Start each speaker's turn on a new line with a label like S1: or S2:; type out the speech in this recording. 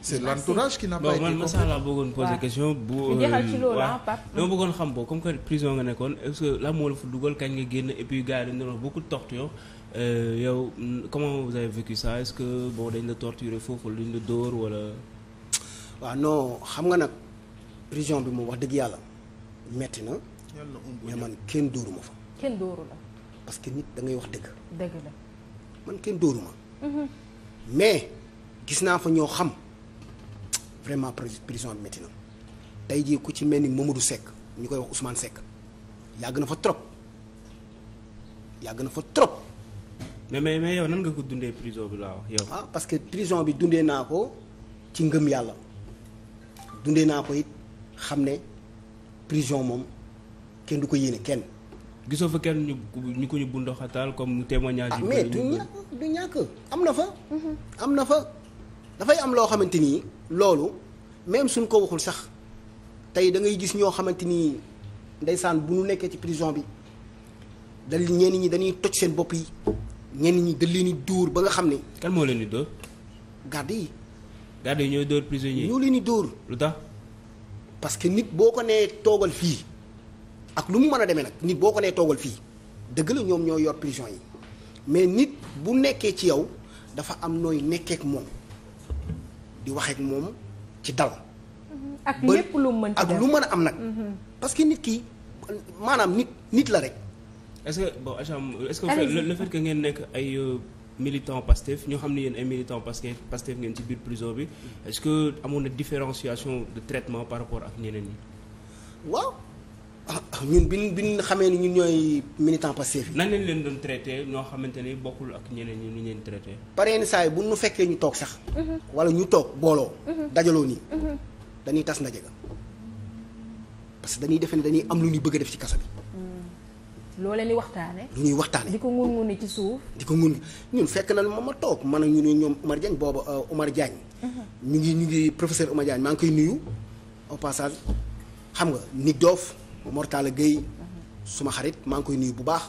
S1: c'est l'entourage qui n'a pas été man Massa laa
S2: bëggoon poser question. bu waaw euh, dama bëggoon xam boo comme que prison nga nekkoon est-ce que la moo la fa dugal kañ nga génn et puis gars yi dañu doon wax beaucoup de euh, dañ la foofu luñ la dóor
S1: wala. waaw no xam nga nag prison bi mu wax dëgg yàlla metti na. mais man kenn dóoru ma fa. kenn dóoru la. parce nit da ngay wax dëgg. dëgg la man kenn dóoru mhm. mais. gis naa fa ñoo xam vraiment prison bi métti na tey jii ku ci mel ni moom Mamadou sekk ñu koy wax Ousmane sekk yàgg na fa trop yàgg na fa trop. mais mais mais nan nga ko dundee prison bi laa wax yow. ah parce que prison bi dundee naa ko ci ngëm yàlla dundee naa ko it xam ne prison moom kenn du ko yéene kenn.
S2: gisoo fa kenn ñu ñu ko ñu bundoxataal comme témoignage. ah mais du ñàkk
S1: du ñàkk am na fa. Mm-hmm. am na fa. dafay am loo xamante ni loolu même suñ ko waxul sax tey da ngay gis ñoo xamante ni ndeysaan bu nu nekkee ci prison bi dal ñenn ñi dañuy toj seen bopp yi ñenn ñi dañ leen dóor ba nga xam ne. kenn moo leen di dóor. garde yi. garde yi ñooy dóor prisonniers ñoo leen di dóor. lu tax parce que nit boo ko nee toogal fii ak lu mu mën a demee nag nit boo ko nee toogal fii dëgg la ñoom ñoo yor prison yi mais nit bu nekkee ci yow dafa am nooy nekkee ak moom. di wax moom ci dal. ak lépp lu mën ak lu mën a am nag. Mhm. parce que nit kii maanaam nit nit la rek.
S2: est-ce que bon est-ce que le fait que ngeen nekk ay. Euh, militant Pastef ñoo xam ne yéen ay militant Pastef Pastef ngeen ci biir prison bi est-ce que amoon na différenciation de traitement par rapport ak ñeneen ñi
S1: waaw ah ñun bi ñu bi xamee ni ñu ñooy militant Pastef yi. nan
S2: lañ leen doon traité ñoo xamante ni bokkul ak ñeneen ñi ñu leen traité.
S1: pare yenn saa yi bu ñu fekkee ñu toog sax. Mhm. wala ñu toog booloo. Mhm. dajaloo nii. Mhm. dañuy tas ndaje ga parce que dañuy defe dañuy am lu ñuy bëgg def ci kaso bi. loo leen di waxtaanee. ñuy waxtaanee di ko ngun-nguni ci suuf. di ko ngun ñun fekk na ma ma toog man ñu ne ñoom Omar Diagne booba euh, Omar Diagne. ñu ngi ñu ngi professeur Omar Diagne maa ngi koy nuyu au xam nga ni doof. Mortala Gueye suma xarit maa ngi koy nuyu bu baax.